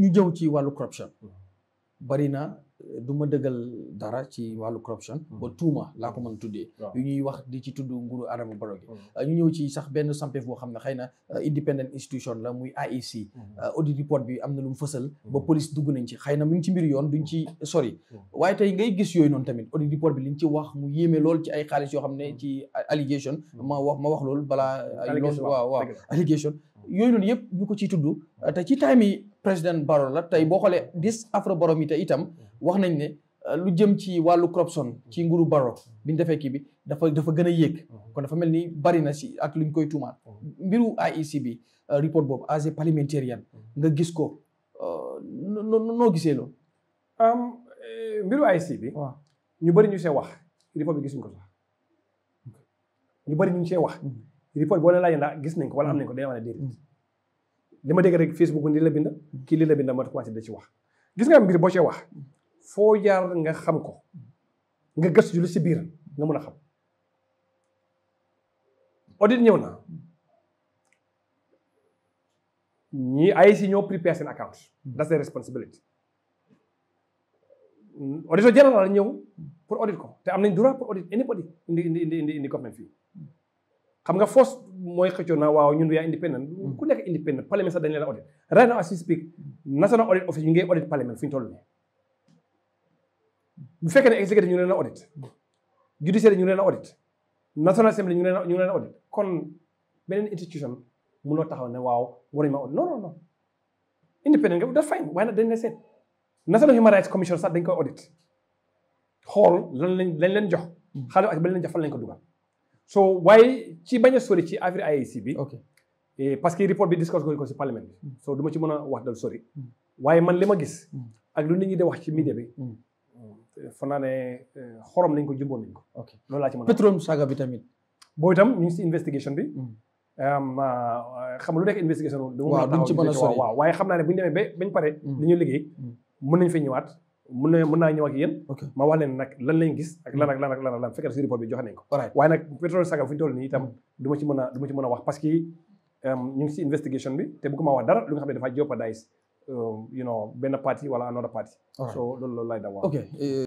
ñu jëw ci wàllu corruption mm-hmm. bari na du ma dëggal dara ci wàllu corruption mm-hmm. ba tuuma laa ko mën tuddee yu ñuy wax di ci tudd nguuru Adama Barrow gi mm-hmm. ñu ñëw ci sax benn sampef boo xam ne xëy na euh, independent institution la muy AIC euh, audit report bi am na lu mu fësal ba police dugg nañ ci xëy na mu ngi ci mbir yoon duñ ci sori waaye tey ngay gis yooyu noonu tamit audit report bi ñu ci wax mu yéeme lool ci ay xaalis yoo xam ne ci allégation ma wax ma wax loolu balaa waaw waaw yooyu noonu yëpp ñu ko ciy tudd te ci time yi président Barrow la tey boo xoolee dix afrobaromètre itam wax nañ ne euh, lu jëm ci wàllu corruption ci nguuru Barrow bi ñu defee kii bi dafa dafa gën a yéeg kon dafa mel ni bari na si ak lu koy tuumaat mbiru IEC bi euh, report boobu as a parliamentarian nga gis ko euh, noo gisee loolu mbiru IEC bi ñu bari ñu se wax report ñu bari ñu see wax report bo leen laajee gis nañ hmm. kan ko wala am nañ ko day wala ne déedéet li dégg rek facebook ni la bind ki li la bind ma ci da ci wax gis nga mbir bo ci wax fo jaar nga xam ko nga gëstu lu si bir nga mëna xam audit ñew na ñi ay ci ñoo prepare sen account hmm. that's the responsibility auditeur général ñew pour audit ko te am nañ droit pour audit anybody indi indi indi indi government fii xam nga force mooy xëccoo na waaw ñun yaa independent ku nekk independent parlement sax dañ leen audit right now as we speak national audit office ñu ngi audit parlement fi ñu toll nii bu fekkee ne executive ñu leen a audit judiciaire ñu leen a audit national assembly ñu leen ñu leen a audit kon beneen institution mënoo taxaw ne waaw waruñu ma audit non non non independent nga that's fine waaye nag dañ ne seet national human rights commission sax dañ koy audit xool lan lañ lañ leen jox xaalis ak ba leen jox fan lañ ko dugal so waaye ci bañ a sori ci affaire IEC bi. ok eh, parce que report bi discuss ko si parlement bi. Mm. so du ci mën a wax dal sori. Mm. waaye man li ma gis. Mm. ak lu nit ñi de wax ci media bi. foog naa ne eh, xorom nañ ko jumboon nañ ko. ok loolu laa ci mën a. pétrole saga bi tamit. boobu tam ñu ngi si investigation bi. Ah, xam lu nekk investigation. waaw duñ ci mën a sori waaw waaye xam naa ne bu ñu demee ba bañ pare. li ñu liggéey mën nañ fa ñëwaat. mën na mën naa ñëw ak yéen ma wax leen nag lañ gis ak lan ak mm. lan ak lan ak lan fekkee waaye nag pétrole sangam fi nii itam mm. du ma ci mën a du ma ci mën a wax parce que euh, ñu si investigation bi te bëgguma wax dara lu nga xam ne dafa jeopardize euh, you know benn parti wala another parti so loolu loolu laay da waaw